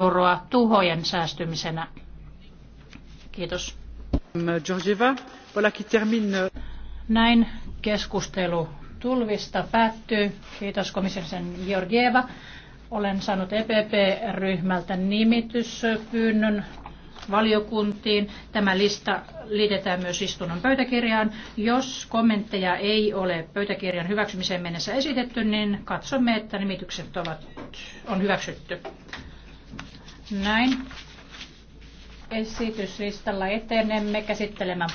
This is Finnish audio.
euroa tuhojen säästymisenä. Kiitos. Georgieva, voilà qui termine. Näin keskustelu tulvista päättyy. Kiitos komission Georgieva. Olen saanut EPP-ryhmältä nimityspyynnön valiokuntiin. Tämä lista liitetään myös istunnon pöytäkirjaan. Jos kommentteja ei ole pöytäkirjan hyväksymiseen mennessä esitetty, niin katsomme, että nimitykset ovat, on hyväksytty. Näin. Esityslistalla etenemme käsittelemään